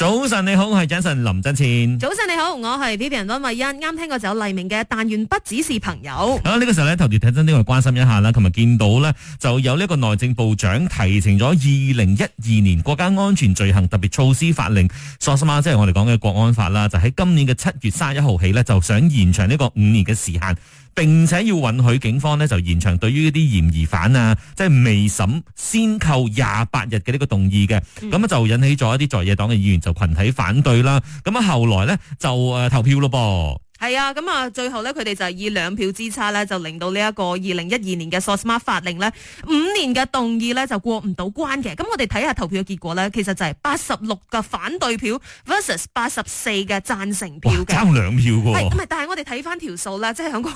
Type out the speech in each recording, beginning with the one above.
早晨，你好，我係主持人林振前。早晨，你好，我係 Vivian 溫慧欣。啱聽過就有黎明嘅，但願不只是朋友。好，呢個時候咧，頭條睇真呢個關心一下啦。琴日見到咧，就有呢一個內政部長提呈咗二零一二年國家安全罪行特別措施法令 SOSMA 即係我哋講嘅國安法啦，就喺今年嘅七月三十一號起呢，就想延長呢個五年嘅時限。並且要允許警方呢就延長對於一啲嫌疑犯啊，即係未審先扣廿八日嘅呢個動議嘅，咁、嗯、就引起咗一啲在野黨嘅議員就群體反對啦。咁啊後來呢就誒投票咯噃。係啊，咁啊，最後咧，佢哋就以兩票之差咧，就令到呢一個二零一二年嘅 SOSMA 法令咧，五年嘅動議咧就過唔到關嘅。咁我哋睇下投票嘅結果咧，其實就係八十六個反對票 versus 八十四嘅贊成票嘅，差兩票嘅，啊。係，但係我哋睇翻，條數啦，即係響個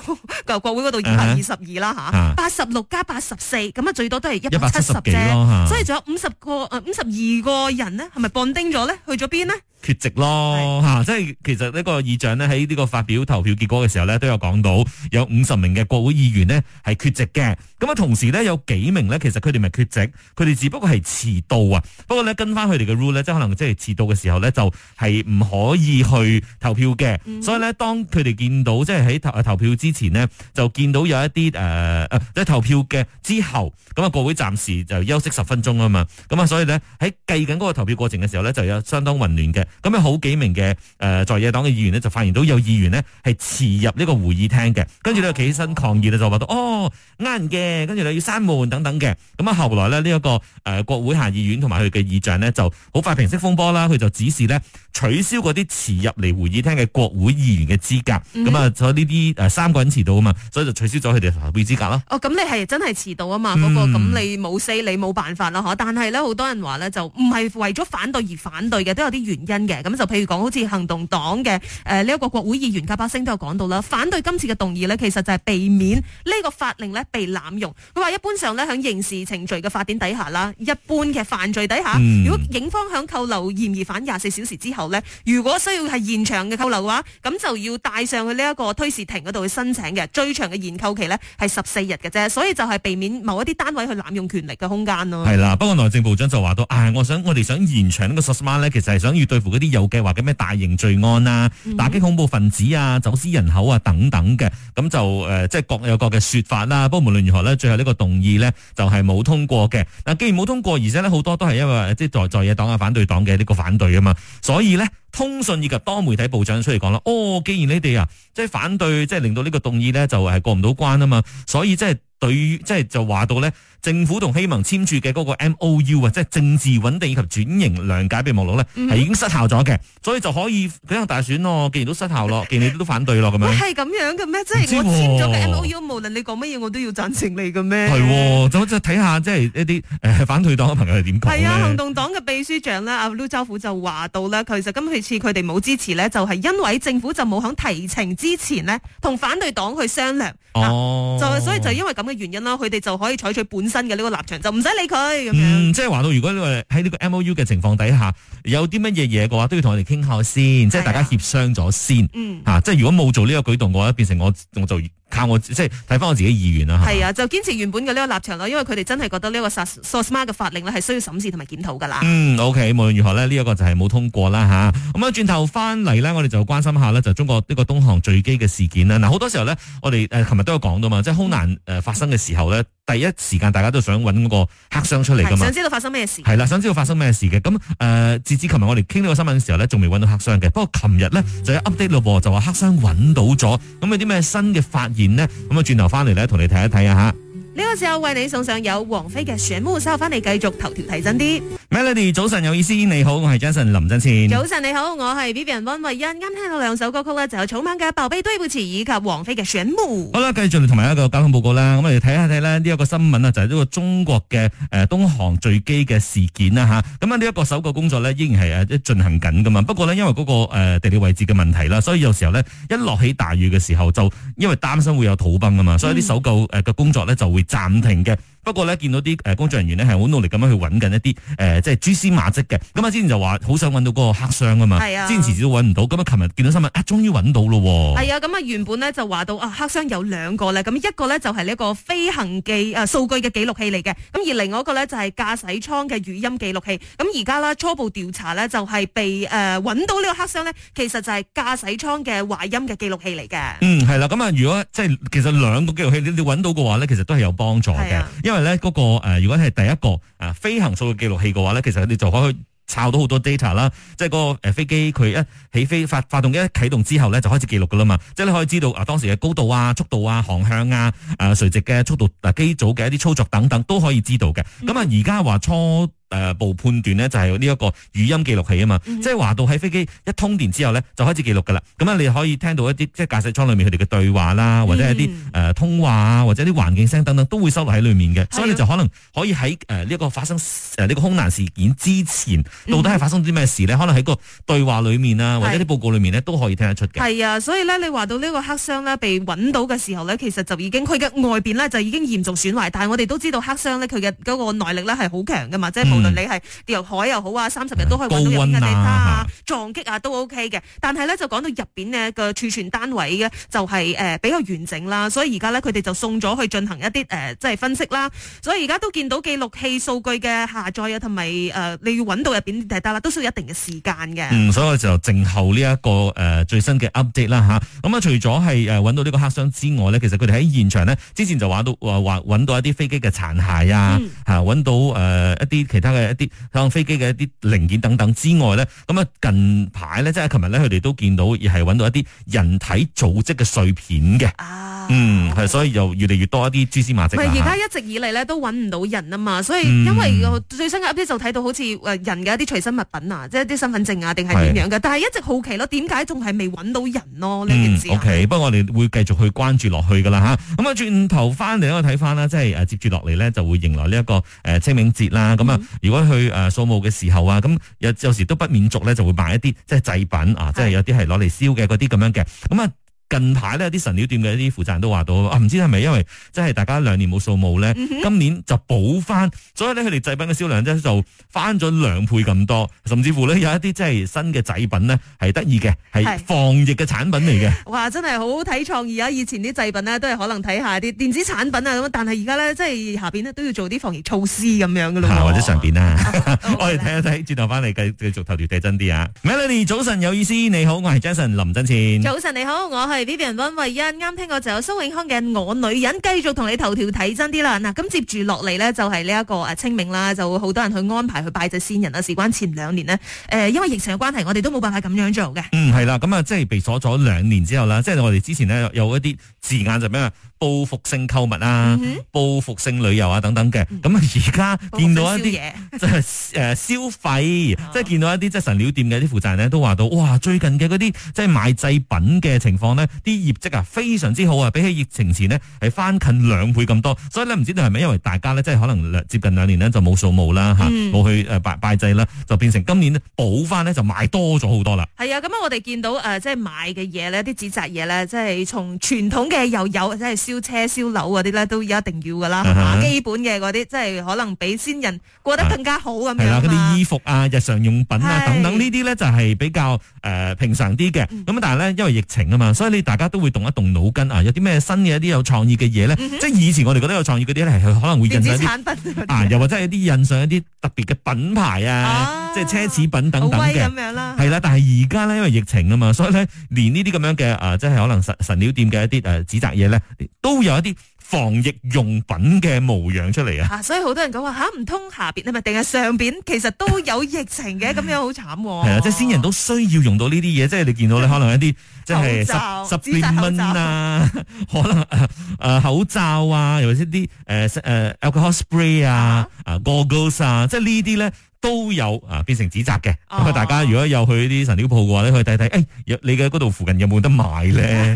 舊國會嗰度二百二十二啦吓，八十六加八十四，咁啊最多都係一百七十啫，uh-huh. 所以仲有五十個，誒五十二個人咧，係咪半丁咗咧？去咗邊呢？缺席咯吓，即係其實呢個議長呢，喺呢個發表投票結果嘅時候呢，都有講到有五十名嘅國會議員呢係缺席嘅。咁啊，同時呢，有幾名呢？其實佢哋咪缺席，佢哋只不過係遲到啊。不過呢，跟翻佢哋嘅 rule 呢，即係可能即係遲到嘅時候呢，就係唔可以去投票嘅，嗯。所以呢，當佢哋見到即係喺投投票之前呢，就見到有一啲誒、呃、即係投票嘅之後，咁啊國會暫時就休息十分鐘啊嘛。咁啊，所以呢，喺計緊嗰個投票過程嘅時候呢，就有相當混亂嘅。咁咧好幾名嘅誒、呃、在野黨嘅議員呢，就發現到有議員呢係遲入呢個會議廳嘅，跟住咧起身抗議啦，就話到哦啱嘅，跟住就要閂門等等嘅。咁啊，後來呢，呢、這、一個誒、呃、國會下議院同埋佢嘅議長呢，就好快平息風波啦。佢就指示呢，取消嗰啲遲入嚟會議廳嘅國會議員嘅資格。咁、嗯、啊，呢啲、呃、三個人遲到啊嘛，所以就取消咗佢哋投票資格咯。哦，咁你係真係遲到啊嘛？不過咁你冇死，你冇辦法啦。但係咧，好多人話咧就唔係為咗反對而反對嘅，都有啲原因。嘅咁就譬如講好似行動黨嘅誒呢一個國會議員卡巴星都有講到啦，反對今次嘅動議呢，其實就係避免呢個法令呢被濫用。佢話一般上呢，響刑事程序嘅法典底下啦，一般嘅犯罪底下，嗯、如果警方響扣留嫌疑犯廿四小時之後呢，如果需要係延長嘅扣留嘅話，咁就要帶上去呢一個推事庭嗰度去申請嘅。最長嘅延扣期呢，係十四日嘅啫，所以就係避免某一啲單位去濫用權力嘅空間咯。係啦，不過內政部長就話到，唉、哎，我想我哋想延長呢個 SOSMA, 其實係想要對。嗰啲有計劃嘅咩大型罪案啊，打擊恐怖分子啊，走私人口啊等等嘅，咁就誒即係各有各嘅說法啦。不過無論如何咧，最後呢個動議咧就係冇通過嘅。嗱，既然冇通過，而且咧好多都係因為即係在在野黨啊、反對黨嘅呢個反對啊嘛，所以咧。通訊以及多媒體部長出嚟講啦，哦，既然你哋啊，即係反對，即係令到呢個動議呢，就係過唔到關啊嘛，所以即係對，即係就話到呢政府同希盟簽署嘅嗰個 M O U 啊，即係政治穩定以及轉型諒解備忘錄呢，係、嗯、已經失效咗嘅，所以就可以舉行大選咯。既然都失效咯， 既然你都反對咯，咁樣。係咁樣嘅咩？即係我簽咗嘅 M O U，無論你講乜嘢，我都要贊成你嘅咩？係喎、啊，就睇下即係一啲、呃、反對黨嘅朋友係點講。係啊，行動黨嘅秘書長呢，阿陸兆福就話到啦，其實今日。次佢哋冇支持咧，就係、是、因為政府就冇響提呈之前咧，同反對黨去商量。哦、oh. 啊，就所以就因為咁嘅原因啦，佢哋就可以採取本身嘅呢個立場，就唔使理佢咁、嗯、樣。即係話到，如果你話喺呢個 MOU 嘅情況底下，有啲乜嘢嘢嘅話，都要同我哋傾下先，即係大家協商咗先。嗯，吓，即係如果冇做呢個舉動嘅話，變成我我就。靠我即係睇翻我自己意願啦係啊，就堅持原本嘅呢個立場咯，因為佢哋真係覺得呢個殺 s o m a 嘅法令咧，係需要審視同埋檢討噶啦。嗯，OK，無論如何咧，呢、這、一個就係冇通過啦吓。咁啊，轉頭翻嚟咧，我哋就關心一下咧，就是、中國呢個東航墜機嘅事件啦。嗱、啊，好多時候咧，我哋誒，琴日都有講到嘛，即係空難誒、呃、發生嘅時候咧。嗯呃第一時間大家都想揾個黑箱出嚟噶嘛，想知道發生咩事，係啦，想知道發生咩事嘅。咁誒，直至琴日我哋傾呢個新聞嘅時候咧，仲未揾到黑箱嘅。不過琴日咧就有 update 咯，就話黑箱揾到咗。咁有啲咩新嘅發現咧？咁啊，轉頭翻嚟咧，同你睇一睇啊吓。呢、這個時候為你送上有王菲嘅《旋木》，收翻嚟繼續頭條睇真啲。Melody，早晨有意思，你好，我係 Jason 林振善。早晨你好，我係 Vivian 溫慧欣。啱聽到兩首歌曲咧，就是，就有草蜢嘅《寶貝對不起》以及王菲嘅《旋木》。好啦，繼續嚟同埋一個交通報告啦。咁我哋睇下睇呢，呢一個新聞啊，就係呢個中國嘅誒東航墜機嘅事件啦吓。咁啊呢一個搜救工作呢，依然係誒進行緊噶嘛。不過呢，因為嗰個誒地理位置嘅問題啦，所以有時候呢，一落起大雨嘅時候就因為擔心會有土崩啊嘛，所以啲搜救誒嘅工作呢，就會。暫停嘅。不過咧，見到啲誒工作人員呢係好努力咁樣去揾緊一啲誒，即、呃、係、就是、蛛絲馬跡嘅。咁啊，之前就話好想揾到嗰個黑箱啊嘛，之前遲遲都揾唔到。咁啊，琴日見到新聞啊，終於揾到咯。係啊，咁啊，原本呢就話到啊，黑箱有兩個咧，咁一個呢就係呢個飛行記誒數據嘅記錄器嚟嘅。咁而另外一個呢就係駕駛艙嘅語音記錄器。咁而家啦初步調查呢就係被誒揾、呃、到呢個黑箱呢，其實就係駕駛艙嘅話音嘅記錄器嚟嘅。嗯，係啦。咁啊，如果即係其實兩個記錄器你揾到嘅話呢，其實都係有幫助嘅，因為咧，那，嗰個誒，如果係第一個誒，啊、飛行數據記錄器嘅話咧，其實你就可以抄到好多 data 啦。即係嗰個誒飛機佢一起飛發發動機一啟動之後咧，就開始記錄噶啦嘛。即係你可以知道啊當時嘅高度啊、速度啊、航向啊、誒垂直嘅速度、誒、啊、機組嘅一啲操作等等都可以知道嘅。咁啊而家話初。誒，部判斷呢，就係呢一個語音記錄器啊嘛，mm-hmm. 即係話到喺飛機一通電之後呢，就開始記錄噶啦，咁、mm-hmm. 你可以聽到一啲即係駕駛艙裏面佢哋嘅對話啦、mm-hmm. 呃，或者一啲誒通話啊，或者啲環境聲等等都會收錄喺裏面嘅，mm-hmm. 所以你就可能可以喺誒呢個發生誒呢、呃呢個空難事件之前，到底係發生啲咩事呢？Mm-hmm. 可能喺個對話裏面啊，或者啲報告裏面呢，都可以聽得出嘅。係啊，所以呢，你話到呢個黑箱呢，被揾到嘅時候呢，其實就已經佢嘅外邊呢，就已經嚴重損壞，但係我哋都知道黑箱呢，佢嘅嗰個耐力呢，係好強噶嘛，即係你係遊海又好啊，三十日都可以揾到有啊、撞擊啊，都 OK 嘅。但係咧就講到入邊咧個儲存單位嘅、就是，就係誒比較完整啦。所以而家咧佢哋就送咗去進行一啲誒即係分析啦。所以而家都見到記錄器數據嘅下載啊，同埋誒你要揾到入邊先係得啦，都需要一定嘅時間嘅、嗯。所以就靜候呢一個誒最新嘅 update 啦吓，咁啊，除咗係誒揾到呢個黑箱之外咧，其實佢哋喺現場呢之前就話到話揾到一啲飛機嘅殘骸、嗯、啊，吓揾到誒一啲其。其嘅一啲航空飛機嘅一啲零件等等之外咧，咁啊近排咧，即係琴日咧，佢哋都見到而係揾到一啲人體組織嘅碎片嘅、啊，嗯，係所以就越嚟越多一啲蛛絲馬跡。而家一直以嚟咧都揾唔到人啊嘛，所以因為最新嘅一 p 就睇到好似人嘅一啲隨身物品啊、嗯，即係一啲身份證啊，定係點樣嘅，但係一直好奇咯，點解仲係未揾到人咯、嗯、呢件事？O K，不過我哋會繼續去關注落去噶啦嚇，咁啊轉頭翻嚟我睇翻啦，即係誒、啊、接住落嚟咧就會迎來呢、這、一個誒、呃、清明節啦，咁、嗯、啊～如果去誒掃墓嘅時候啊，咁有有時都不免俗咧，就會買一啲即係祭品啊，即係有啲係攞嚟燒嘅嗰啲咁樣嘅，咁啊。近排咧，啲神料店嘅一啲負責人都話到啊，唔知係咪因為真係大家兩年冇掃墓咧，今年就補翻，所以咧佢哋製品嘅銷量咧就翻咗兩倍咁多，甚至乎咧有一啲即係新嘅製品呢，係得意嘅，係防疫嘅產品嚟嘅。哇，真係好睇創意啊！以前啲製品呢，都係可能睇下啲電子產品啊咁，但係而家咧即係下邊都要做啲防疫措施咁樣嘅咯。或者上邊啦、啊啊 哦 哦， 我哋睇一睇轉頭翻嚟繼繼續頭條睇真啲啊，Melody 早晨有意思，你好，我係 Jason 林振前。早晨你好，我係。我係 Vivian 溫慧欣，啱聽過就有蘇永康嘅我女人，繼續同你頭條睇真啲啦。嗱、啊，咁接住落嚟咧，就係呢一個誒清明啦，就會好多人去安排去拜祭先人啦。事關前兩年呢，誒、呃，因為疫情嘅關係，我哋都冇辦法咁樣做嘅。嗯，係啦，咁、嗯、啊，即係被鎖咗兩年之後啦，即係我哋之前呢，有一啲。字眼就咩啊？報復性購物啊，mm-hmm. 報復性旅遊啊，等等嘅。咁啊，而家見到一啲嘢，即係誒消費，oh. 即係見到一啲即係神料店嘅啲負責人咧，都話到哇！最近嘅嗰啲即係買祭品嘅情況呢，啲業績啊非常之好啊，比起疫情前呢，係翻近兩倍咁多。所以咧，唔知道係咪因為大家咧即係可能接近兩年呢，就冇掃墓啦嚇，冇去誒拜拜祭啦，就變成今年補翻呢，就買多咗好多啦。係、mm-hmm. 啊，咁我哋見到誒即係買嘅嘢呢，啲紙紮嘢咧，即、就、係、是、從傳統嘅。誒，又有即係燒車燒樓嗰啲咧，都一定要噶啦，基本嘅嗰啲，即係可能比先人過得更加好咁樣。係啦，嗰啲衣服啊、日常用品啊等等呢啲咧，就係比較誒平常啲嘅。咁啊，但係咧，因為疫情啊嘛，所以你大家都會動一動腦筋啊，有啲咩新嘅一啲有創意嘅嘢咧？即係以前我哋覺得有創意嗰啲咧，係可能會印上產品啊，又或者係一啲印上一啲特別嘅品牌啊，即係奢侈品等等嘅。好威咁樣啦，係啦。但係而家咧，因為疫情啊嘛，所以咧連呢啲咁樣嘅啊，即係可能神神料店嘅一啲誒。紙紮嘢咧，都有一啲防疫用品嘅模樣出嚟啊！所以好多人講話吓，唔、啊、通下邊係咪定係上邊，其實都有疫情嘅，咁 樣好慘。係啊，即係先人都需要用到呢啲嘢，即係你見到咧，可能一啲即係十十蚊啊， 可能誒、呃、口罩啊，又或者啲誒誒 alcohol spray 啊，啊、呃、goggles 啊，即係呢啲咧。都有啊，變成指責嘅。咁、哦、啊，大家如果有去啲神料鋪嘅話，你可以睇睇，誒、哎，你嘅嗰度附近有冇得買咧？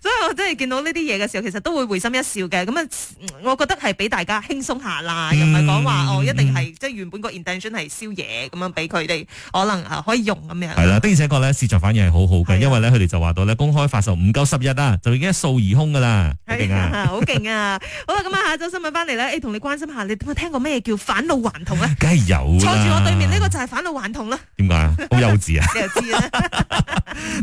所以我真係見到呢啲嘢嘅時候，其實都會會心一笑嘅。咁啊，我覺得係俾大家輕鬆下啦，嗯、又唔係講話哦，一定係即係原本個 intention 係燒嘢咁樣他們，俾佢哋可能可以用咁樣。係啦，並、嗯、且、嗯、個咧市場反應係好好嘅，因為咧佢哋就話到咧公開發售唔夠十日啦、啊，就已經一掃而空噶啦，係好勁啊！好啦，咁啊， 好那下周新聞翻嚟啦，同、哎、你關心一下，你聽過咩叫返老還童咧？梗係有。坐住我對面呢、啊這個就係返老還童啦，點解啊？好幼稚啊！ 你就知啦。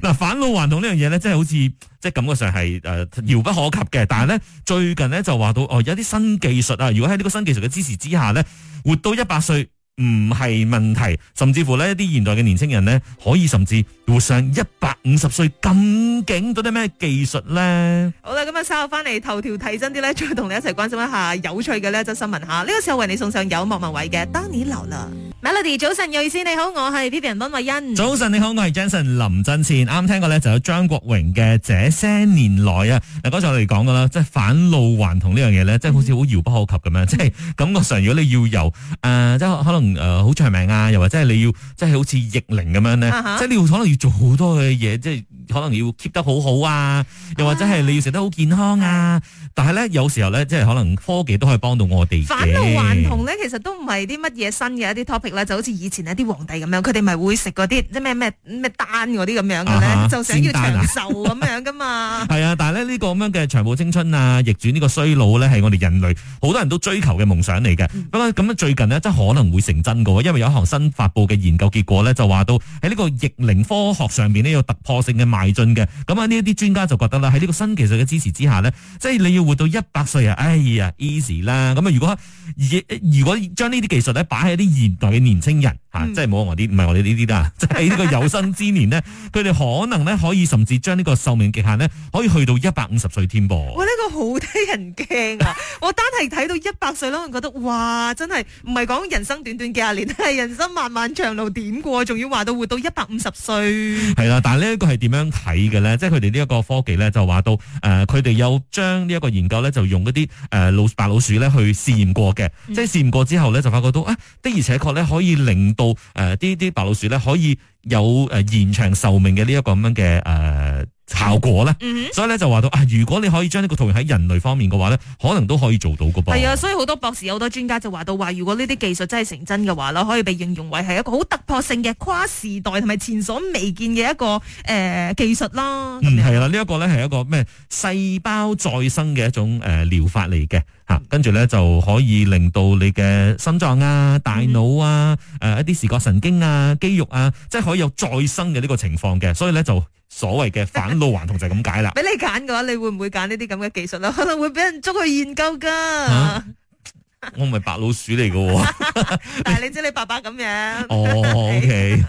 嗱，返老還童呢樣嘢咧，真係好似即係感覺上係誒遙不可及嘅、嗯，但係咧最近咧就話到哦，有啲新技術啊，如果喺呢個新技術嘅支持之下咧，活到一百歲。唔係問題，甚至乎呢啲現代嘅年青人呢，可以甚至活上一百五十歲咁勁，到啲咩技術咧？好啦，咁啊，稍後翻嚟頭條睇真啲咧，再同你一齊關心一下有趣嘅呢則新聞吓，呢個時候為你送上有莫文蔚嘅《當你老了》。Melody 早晨，睿思，你好，我係 Peter 溫慧欣。早晨你好，我係 Jason 林振倩。啱聽過咧就有、是、張國榮嘅這些年來啊嗱，剛才我哋講噶啦，即係返老還童呢樣嘢咧，即、嗯、係好似好遙不可及咁樣、嗯，即係感覺上，如果你要由誒、呃、即係可能誒好長命啊，又或者係你要即係好似逆齡咁樣咧，即係、啊、你可能要做好多嘅嘢，即係可能要 keep 得好好啊，又或者係你要食得好健康啊，但係咧有時候咧，即係可能科技都可以幫到我哋返老還童咧，其實都唔係啲乜嘢新嘅一啲 topic。就好似以前啊啲皇帝咁樣，佢哋咪會食嗰啲咩咩咩丹嗰啲咁樣嘅咧、啊，就想要長壽咁、啊、 樣噶的嘛。係 啊，但係咧呢個咁樣嘅長葆青春啊，逆轉呢個衰老呢，係我哋人類好多人都追求嘅夢想嚟嘅。不過咁最近呢，真可能會成真噶，因為有一項新發佈嘅研究結果呢，就話到喺呢個逆齡科學上邊呢，有突破性嘅邁進嘅。咁啊呢一啲專家就覺得啦，喺呢個新技術嘅支持之下呢，即、就、係、是、你要活到一百歲啊，哎呀 easy 啦。咁啊如果而如果將呢啲技術咧擺喺啲現代，年青人。即係冇我啲，唔係我哋呢啲啦。即係呢個有生之年呢，佢 哋可能呢，可以甚至將呢個壽命極限呢，可以去到一百五十歲添噃。哇！呢、這個好得人驚啊！ 我單係睇到一百歲咯，我覺得哇，真係唔係講人生短短幾廿年，係人生漫漫長路點過，仲要話到活到一百五十歲。係啦、啊，但係呢一個係點樣睇嘅呢？即係佢哋呢一個科技呢，就話到誒，佢哋有將呢一個研究呢，就用嗰啲誒老白老鼠呢去試驗過嘅、嗯。即係試驗過之後呢，就發覺到啊，的而且確呢，可以令到。誒、呃，呢啲白老鼠咧可以有誒延長壽命嘅呢一個咁樣嘅誒，呃效果咧，mm-hmm. 所以咧就話到啊，如果你可以將呢個套用喺人類方面嘅話咧，可能都可以做到噶噃。係啊，所以好多博士、好多專家就話到話，如果呢啲技術真係成真嘅話呢，可以被應用為係一個好突破性嘅跨時代同埋前所未見嘅一個誒、呃、技術啦。係啦，呢、嗯、一個咧係一個咩細胞再生嘅一種誒療法嚟嘅吓，mm-hmm. 跟住咧就可以令到你嘅心臟啊、大腦啊、誒、mm-hmm. 啊、一啲視覺神經啊、肌肉啊，即係可以有再生嘅呢個情況嘅，所以咧就。所謂嘅反老還童就係咁解啦。俾你揀嘅話，你會唔會揀呢啲咁嘅技術啦？可能會俾人捉去研究㗎。啊我唔係白老鼠嚟噶， 但係你知你爸爸咁樣。哦，OK，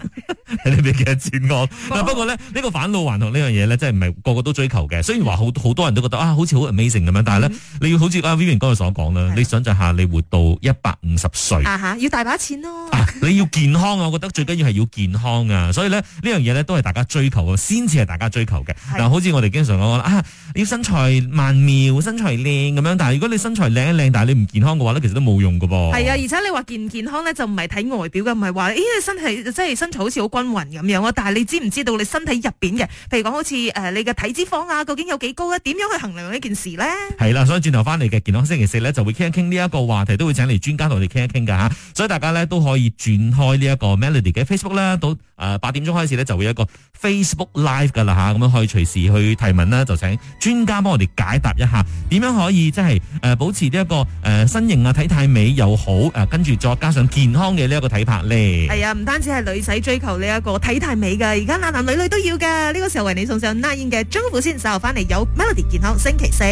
你俾幾多錢我？但係不過咧呢， 個反個呢個返老還童呢樣嘢咧，真係唔係個個都追求嘅。雖然話好好多人都覺得啊，好似好 amazing 咁樣，但係咧、嗯，你要好似阿 Vivian 剛才所講啦，你想象下你活到一百五十歲啊，要大把錢咯。啊、你要健康啊！我覺得最緊要係要健康啊，所以咧，呢樣嘢呢，這個、都係大家追求啊，先至係大家追求嘅。嗱，好似我哋經常講啦，啊，你要身材曼妙、身材靚咁樣，但係如果你身材靚一靚，但係你唔健康嘅話其實都冇用噶噃，係啊！而且你話健唔健康咧，就唔係睇外表嘅，唔係話誒身體即係身材好似好均勻咁樣啊！但係你知唔知道你身體入邊嘅，譬如講好似誒、呃、你嘅體脂肪啊，究竟有幾高咧？點樣去衡量呢件事咧？係啦，所以轉頭翻嚟嘅健康星期四咧，就會傾一傾呢一個話題，都會請嚟專家同我哋傾一傾噶吓。所以大家咧都可以轉開呢一個 Melody 嘅 Facebook 啦，到誒八點鐘開始咧就會有一個 Facebook Live 噶啦吓，咁樣可以隨時去提問啦，就請專家幫我哋解答一下，點樣可以即係誒保持呢、這、一個誒、呃、身形啊？體態美又好，跟住再加上健康嘅呢一、哎、個體魄咧，係啊，唔單止係女仔追求呢一個體態美嘅，而家男男女女都要嘅。呢、這個時候為你送上 Nine 嘅祝福先，稍後翻嚟有 Melody 健康星期四。